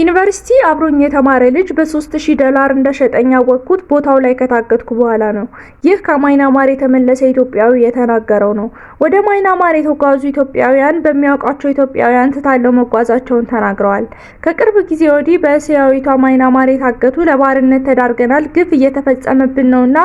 ዩኒቨርሲቲ አብሮኝ የተማረ ልጅ በ3000 ዶላር እንደሸጠኝ ያወቅኩት ቦታው ላይ ከታገትኩ በኋላ ነው። ይህ ከማይናማር የተመለሰ ኢትዮጵያዊ የተናገረው ነው። ወደ ማይናማር የተጓዙ ኢትዮጵያውያን በሚያውቋቸው ኢትዮጵያውያን ትታለው መጓዛቸውን ተናግረዋል። ከቅርብ ጊዜ ወዲህ በእስያዊቷ ማይናማር የታገቱ ለባርነት ተዳርገናል፣ ግፍ እየተፈጸመብን ነውና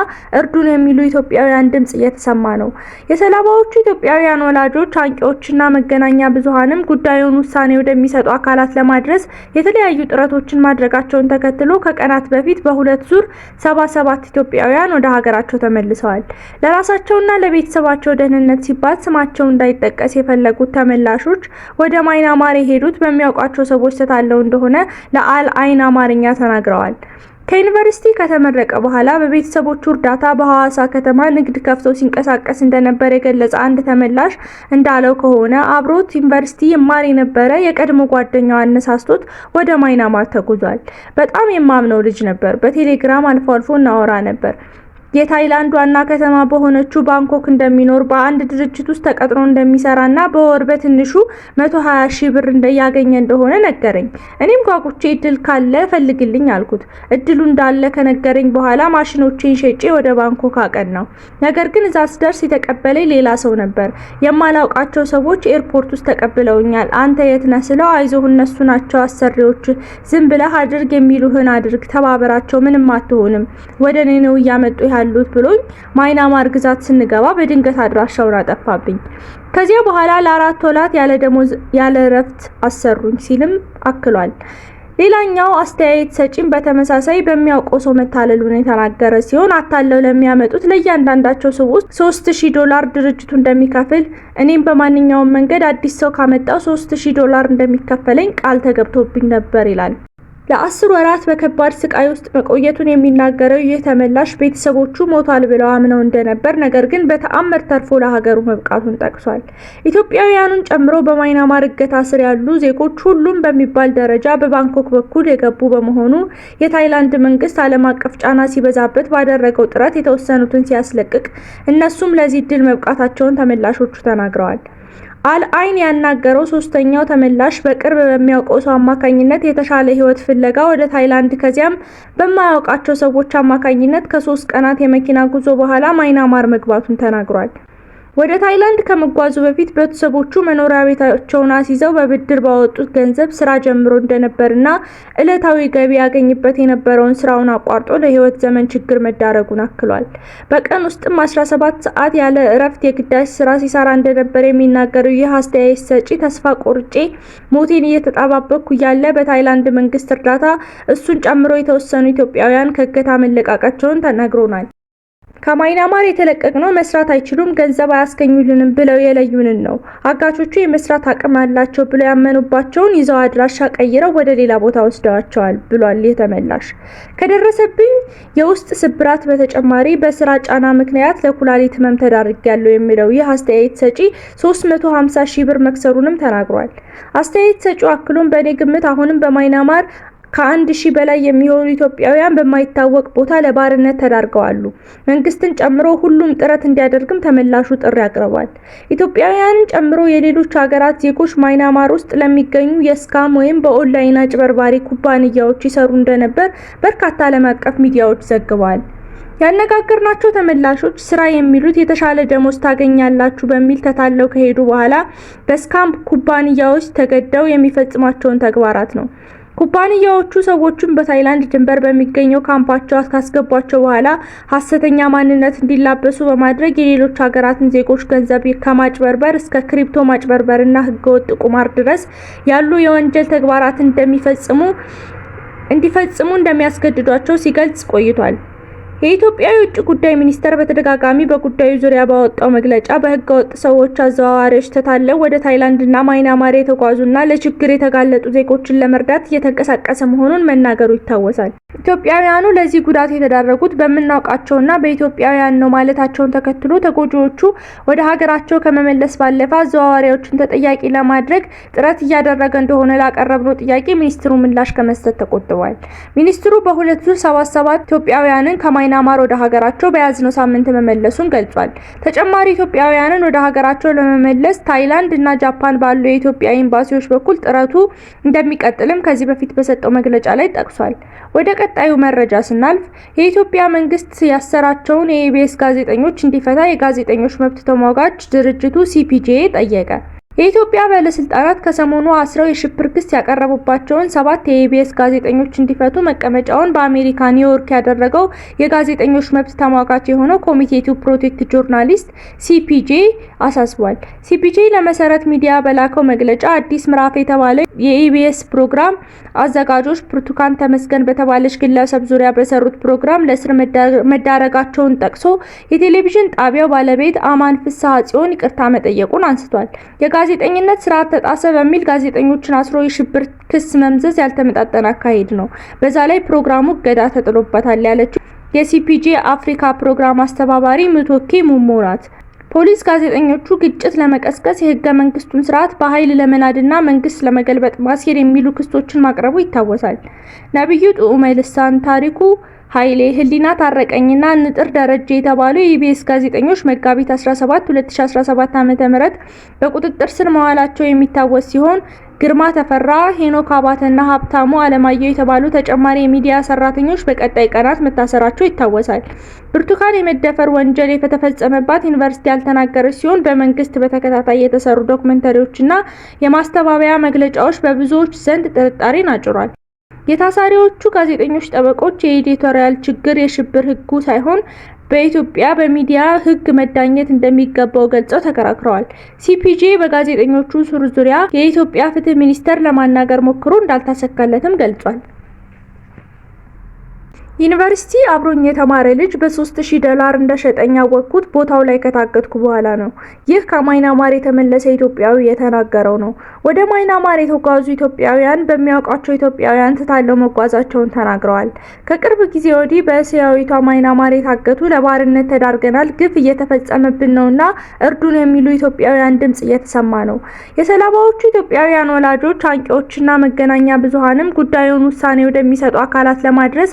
እርዱን የሚሉ ኢትዮጵያውያን ድምጽ እየተሰማ ነው። የሰለባዎቹ ኢትዮጵያውያን ወላጆች፣ አንቂዎችና መገናኛ ብዙሃንም ጉዳዩን ውሳኔ ወደሚሰጡ አካላት ለማድረስ የተለያዩ የተለያዩ ጥረቶችን ማድረጋቸውን ተከትሎ ከቀናት በፊት በሁለት ዙር ሰባ ሰባት ኢትዮጵያውያን ወደ ሀገራቸው ተመልሰዋል። ለራሳቸውና ለቤተሰባቸው ደህንነት ሲባል ስማቸው እንዳይጠቀስ የፈለጉት ተመላሾች ወደ ማይናማር የሄዱት በሚያውቋቸው ሰዎች ተታለው እንደሆነ ለአል አይን አማርኛ ተናግረዋል። ከዩኒቨርሲቲ ከተመረቀ በኋላ በቤተሰቦቹ እርዳታ በሐዋሳ ከተማ ንግድ ከፍቶ ሲንቀሳቀስ እንደነበር የገለጸ አንድ ተመላሽ እንዳለው ከሆነ አብሮት ዩኒቨርሲቲ ይማር የነበረ የቀድሞ ጓደኛው አነሳስቶት ወደ ማይናማር ተጉዟል። በጣም የማምነው ልጅ ነበር። በቴሌግራም አልፎ አልፎ እናወራ ነበር። የታይላንድ ዋና ከተማ በሆነችው ባንኮክ እንደሚኖር በአንድ ድርጅት ውስጥ ተቀጥሮ እንደሚሰራና በወር በትንሹ 120 ሺህ ብር እንደያገኘ እንደሆነ ነገረኝ። እኔም ጓጉቼ እድል ካለ ፈልግልኝ አልኩት። እድሉ እንዳለ ከነገረኝ በኋላ ማሽኖቼን ሸጬ ወደ ባንኮክ አቀን ነው። ነገር ግን እዛ ስደርስ የተቀበለኝ ሌላ ሰው ነበር። የማላውቃቸው ሰዎች ኤርፖርት ውስጥ ተቀብለውኛል። አንተ የት ነህ ስለው አይዞህ እነሱ ናቸው አሰሪዎች፣ ዝም ብለህ አድርግ የሚሉህን አድርግ፣ ተባበራቸው፣ ምንም አትሆንም። ወደ እኔ ነው እያመጡ ያሉት ብሎኝ ማይናማር ግዛት ስንገባ በድንገት አድራሻውን አጠፋብኝ። ከዚያ በኋላ ለአራት ወላት ያለ ደሞዝ ያለ እረፍት አሰሩኝ ሲልም አክሏል። ሌላኛው አስተያየት ሰጪም በተመሳሳይ በሚያውቀው ሰው መታለሉን የተናገረ ሲሆን አታለው ለሚያመጡት ለእያንዳንዳቸው ሰዎች ሶስት ሺህ ዶላር ድርጅቱ እንደሚከፍል እኔም በማንኛውም መንገድ አዲስ ሰው ካመጣው ሶስት ሺህ ዶላር እንደሚከፈለኝ ቃል ተገብቶብኝ ነበር ይላል። ለአስር ወራት በከባድ ስቃይ ውስጥ መቆየቱን የሚናገረው ይህ ተመላሽ ቤተሰቦቹ ሞቷል ብለው አምነው እንደነበር ነገር ግን በተአምር ተርፎ ለሀገሩ መብቃቱን ጠቅሷል። ኢትዮጵያውያኑን ጨምሮ በማይናማር እገታ ስር ያሉ ዜጎች ሁሉም በሚባል ደረጃ በባንኮክ በኩል የገቡ በመሆኑ የታይላንድ መንግስት ዓለም አቀፍ ጫና ሲበዛበት ባደረገው ጥረት የተወሰኑትን ሲያስለቅቅ፣ እነሱም ለዚህ ድል መብቃታቸውን ተመላሾቹ ተናግረዋል። አልአይን ያናገረው ሶስተኛው ተመላሽ በቅርብ በሚያውቀው ሰው አማካኝነት የተሻለ ህይወት ፍለጋ ወደ ታይላንድ ከዚያም በማያውቃቸው ሰዎች አማካኝነት ከሶስት ቀናት የመኪና ጉዞ በኋላ ማይናማር መግባቱን ተናግሯል። ወደ ታይላንድ ከመጓዙ በፊት ቤተሰቦቹ መኖሪያ ቤታቸውን አስይዘው በብድር ባወጡት ገንዘብ ስራ ጀምሮ እንደነበርና ዕለታዊ ገቢ ያገኝበት የነበረውን ስራውን አቋርጦ ለህይወት ዘመን ችግር መዳረጉን አክሏል። በቀን ውስጥም 17 ሰዓት ያለ እረፍት የግዳጅ ስራ ሲሰራ እንደነበር የሚናገረው ይህ አስተያየት ሰጪ ተስፋ ቆርጬ ሞቴን እየተጠባበቅኩ እያለ በታይላንድ መንግስት እርዳታ እሱን ጨምሮ የተወሰኑ ኢትዮጵያውያን ከእገታ መለቃቃቸውን ተናግሮናል። ከማይናማር የተለቀቅነው መስራት አይችሉም፣ ገንዘብ አያስገኙልንም ብለው የለዩንን ነው። አጋቾቹ የመስራት አቅም አላቸው ብለው ያመኑባቸውን ይዘው አድራሻ ቀይረው ወደ ሌላ ቦታ ወስደዋቸዋል ብሏል የተመላሽ። ከደረሰብኝ የውስጥ ስብራት በተጨማሪ በስራ ጫና ምክንያት ለኩላሊት ህመም ያለው የሚለው ይህ አስተያየት ሰጪ 350 ሺህ ብር መክሰሩንም ተናግሯል። አስተያየት ሰጪው አክሎም በእኔ ግምት አሁንም በማይናማር ከአንድ ሺህ በላይ የሚሆኑ ኢትዮጵያውያን በማይታወቅ ቦታ ለባርነት ተዳርገዋሉ። መንግስትን ጨምሮ ሁሉም ጥረት እንዲያደርግም ተመላሹ ጥሪ አቅርቧል። ኢትዮጵያውያንን ጨምሮ የሌሎች ሀገራት ዜጎች ማይናማር ውስጥ ለሚገኙ የስካም ወይም በኦንላይን አጭበርባሪ ኩባንያዎች ይሰሩ እንደነበር በርካታ ዓለም አቀፍ ሚዲያዎች ዘግበዋል። ያነጋገርናቸው ተመላሾች ስራ የሚሉት የተሻለ ደሞዝ ታገኛላችሁ በሚል ተታለው ከሄዱ በኋላ በስካም ኩባንያዎች ተገደው የሚፈጽሟቸውን ተግባራት ነው። ኩባንያዎቹ ሰዎቹን በታይላንድ ድንበር በሚገኘው ካምፓቸው ካስገቧቸው በኋላ ሀሰተኛ ማንነት እንዲላበሱ በማድረግ የሌሎች ሀገራትን ዜጎች ገንዘብ ከማጭበርበር እስከ ክሪፕቶ ማጭበርበርና ህገወጥ ቁማር ድረስ ያሉ የወንጀል ተግባራትን እንደሚፈጽሙ እንዲፈጽሙ እንደሚያስገድዷቸው ሲገልጽ ቆይቷል። የኢትዮጵያ የውጭ ጉዳይ ሚኒስቴር በተደጋጋሚ በጉዳዩ ዙሪያ ባወጣው መግለጫ በህገወጥ ሰዎች አዘዋዋሪዎች ተታለው ወደ ታይላንድና ማይናማር የተጓዙና ለችግር የተጋለጡ ዜጎችን ለመርዳት እየተንቀሳቀሰ መሆኑን መናገሩ ይታወሳል። ኢትዮጵያውያኑ ለዚህ ጉዳት የተዳረጉት በምናውቃቸውና በኢትዮጵያውያን ነው ማለታቸውን ተከትሎ ተጎጂዎቹ ወደ ሀገራቸው ከመመለስ ባለፈ አዘዋዋሪዎችን ተጠያቂ ለማድረግ ጥረት እያደረገ እንደሆነ ላቀረብነው ጥያቄ ሚኒስትሩ ምላሽ ከመስጠት ተቆጥቧል። ሚኒስትሩ በ ዙር ኢትዮጵያውያንን ከማይናማር ወደ ሀገራቸው በያዝነው ሳምንት መመለሱን ገልጿል። ተጨማሪ ኢትዮጵያውያንን ወደ ሀገራቸው ለመመለስ ታይላንድ እና ጃፓን ባሉ የኢትዮጵያ ኤምባሲዎች በኩል ጥረቱ እንደሚቀጥልም ከዚህ በፊት በሰጠው መግለጫ ላይ ጠቅሷል። ወደ ቀጣዩ መረጃ ስናልፍ የኢትዮጵያ መንግስት ያሰራቸውን የኢቢኤስ ጋዜጠኞች እንዲፈታ የጋዜጠኞች መብት ተሟጋች ድርጅቱ ሲፒጄ ጠየቀ። የኢትዮጵያ ባለስልጣናት ከሰሞኑ አስረው የሽብር ክስ ያቀረቡባቸውን ሰባት የኢቢኤስ ጋዜጠኞች እንዲፈቱ መቀመጫውን በአሜሪካ ኒውዮርክ ያደረገው የጋዜጠኞች መብት ተሟጋች የሆነው ኮሚቴ ቱ ፕሮቴክት ጆርናሊስት ሲፒጄ አሳስቧል። ሲፒጄ ለመሰረት ሚዲያ በላከው መግለጫ አዲስ ምዕራፍ የተባለ የኢቢኤስ ፕሮግራም አዘጋጆች ብርቱካን ተመስገን በተባለች ግለሰብ ዙሪያ በሰሩት ፕሮግራም ለእስር መዳረጋቸውን ጠቅሶ የቴሌቪዥን ጣቢያው ባለቤት አማን ፍስሐ ጽዮን ይቅርታ መጠየቁን አንስቷል። የጋዜጠኝነት ስርዓት ተጣሰ በሚል ጋዜጠኞችን አስሮ የሽብር ክስ መምዘዝ ያልተመጣጠነ አካሄድ ነው። በዛ ላይ ፕሮግራሙ እገዳ ተጥሎበታል ያለችው የሲፒጄ አፍሪካ ፕሮግራም አስተባባሪ ምቶኬ ሙሞ ናት። ፖሊስ ጋዜጠኞቹ ግጭት ለመቀስቀስ የህገ መንግስቱን ስርዓት በኃይል ለመናድና መንግስት ለመገልበጥ ማሴር የሚሉ ክሶችን ማቅረቡ ይታወሳል። ነቢዩ ጥዑመ ልሳን ታሪኩ ኃይሌ ህሊና ታረቀኝና ንጥር ደረጀ የተባሉ የኢቢኤስ ጋዜጠኞች መጋቢት 17 2017 ዓ.ም በቁጥጥር ስር መዋላቸው የሚታወስ ሲሆን ግርማ ተፈራ፣ ሄኖክ አባተና ሀብታሙ አለማየሁ የተባሉ ተጨማሪ የሚዲያ ሰራተኞች በቀጣይ ቀናት መታሰራቸው ይታወሳል። ብርቱካን የመደፈር ወንጀል የተፈጸመባት ዩኒቨርሲቲ ያልተናገረች ሲሆን በመንግስት በተከታታይ የተሰሩ ዶክመንተሪዎችና የማስተባበያ መግለጫዎች በብዙዎች ዘንድ ጥርጣሬን አጭሯል። የታሳሪዎቹ ጋዜጠኞች ጠበቆች የኤዲቶሪያል ችግር የሽብር ህጉ ሳይሆን በኢትዮጵያ በሚዲያ ህግ መዳኘት እንደሚገባው ገልጸው ተከራክረዋል። ሲፒጄ በጋዜጠኞቹ ሱር ዙሪያ የኢትዮጵያ ፍትህ ሚኒስቴር ለማናገር ሞክሮ እንዳልተሳካለትም ገልጿል። ዩኒቨርሲቲ አብሮኝ የተማረ ልጅ በ3000 ዶላር እንደሸጠኝ ያወቅኩት ቦታው ላይ ከታገትኩ በኋላ ነው። ይህ ከማይናማር የተመለሰ ኢትዮጵያዊ የተናገረው ነው። ወደ ማይናማር የተጓዙ ኢትዮጵያውያን በሚያውቋቸው ኢትዮጵያውያን ትታለው መጓዛቸውን ተናግረዋል። ከቅርብ ጊዜ ወዲህ በእስያዊቷ ማይናማር የታገቱ ለባርነት ተዳርገናል፣ ግፍ እየተፈጸመብን ነውና እርዱን የሚሉ ኢትዮጵያውያን ድምጽ እየተሰማ ነው። የሰለባዎቹ ኢትዮጵያውያን ወላጆች፣ አንቂዎችና መገናኛ ብዙሃንም ጉዳዩን ውሳኔ ወደሚሰጡ አካላት ለማድረስ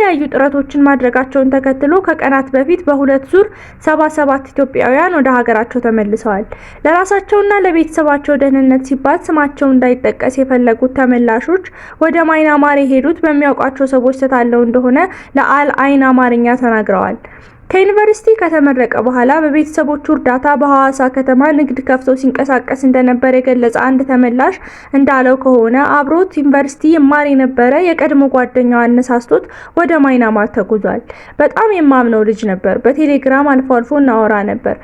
የተለያዩ ጥረቶችን ማድረጋቸውን ተከትሎ ከቀናት በፊት በሁለት ዙር ሰባ ሰባት ኢትዮጵያውያን ወደ ሀገራቸው ተመልሰዋል። ለራሳቸውና ለቤተሰባቸው ደህንነት ሲባል ስማቸው እንዳይጠቀስ የፈለጉት ተመላሾች ወደ ማይናማር የሄዱት በሚያውቋቸው ሰዎች ተታለው እንደሆነ ለአል አይን አማርኛ ተናግረዋል። ከዩኒቨርሲቲ ከተመረቀ በኋላ በቤተሰቦቹ እርዳታ በሐዋሳ ከተማ ንግድ ከፍቶ ሲንቀሳቀስ እንደነበር የገለጸ አንድ ተመላሽ እንዳለው ከሆነ አብሮት ዩኒቨርሲቲ ይማር የነበረ የቀድሞ ጓደኛው አነሳስቶት ወደ ማይናማር ተጉዟል። በጣም የማምነው ልጅ ነበር። በቴሌግራም አልፎ አልፎ እናወራ ነበር።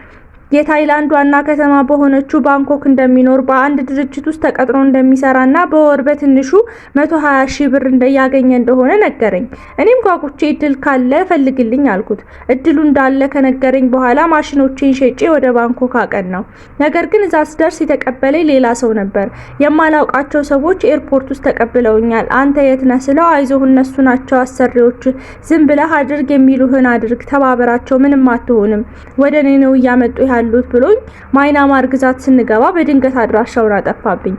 የታይላንድ ዋና ከተማ በሆነችው ባንኮክ እንደሚኖር በአንድ ድርጅት ውስጥ ተቀጥሮ እንደሚሰራና በወር በትንሹ 120 ሺህ ብር እንደያገኘ እንደሆነ ነገረኝ። እኔም ጓጉቼ እድል ካለ ፈልግልኝ አልኩት። እድሉ እንዳለ ከነገረኝ በኋላ ማሽኖቼን ሸጬ ወደ ባንኮክ አቀናሁ። ነገር ግን እዛ ስደርስ የተቀበለኝ ሌላ ሰው ነበር። የማላውቃቸው ሰዎች ኤርፖርት ውስጥ ተቀብለውኛል። አንተ የት ነህ ስለው አይዞህ እነሱ ናቸው አሰሪዎች፣ ዝም ብለህ አድርግ የሚሉህን አድርግ፣ ተባበራቸው፣ ምንም አትሆንም፣ ወደ እኔ ነው እያመጡ ያሉት ብሎኝ ማይናማር ግዛት ስንገባ በድንገት አድራሻውን አጠፋብኝ።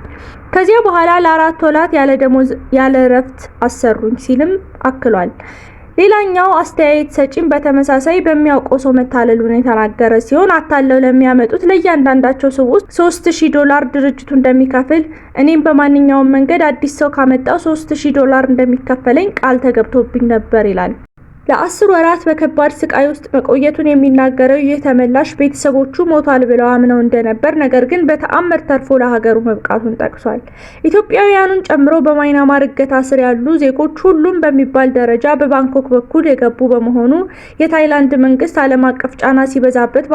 ከዚያ በኋላ ለአራት ወላት ያለ ደሞዝ ያለ እረፍት አሰሩኝ ሲልም አክሏል። ሌላኛው አስተያየት ሰጪም በተመሳሳይ በሚያውቀው ሰው መታለሉን የተናገረ ሲሆን አታለው ለሚያመጡት ለእያንዳንዳቸው ሰው ውስጥ 3000 ዶላር ድርጅቱ እንደሚከፍል እኔም በማንኛውም መንገድ አዲስ ሰው ካመጣው 3000 ዶላር እንደሚከፈለኝ ቃል ተገብቶብኝ ነበር ይላል። ለአስር ወራት በከባድ ስቃይ ውስጥ መቆየቱን የሚናገረው ይህ ተመላሽ ቤተሰቦቹ ሞቷል ብለው አምነው እንደነበር፣ ነገር ግን በተአምር ተርፎ ለሀገሩ መብቃቱን ጠቅሷል። ኢትዮጵያውያኑን ጨምሮ በማይናማር እገታ ስር ያሉ ዜጎች ሁሉም በሚባል ደረጃ በባንኮክ በኩል የገቡ በመሆኑ የታይላንድ መንግስት ዓለም አቀፍ ጫና ሲበዛበት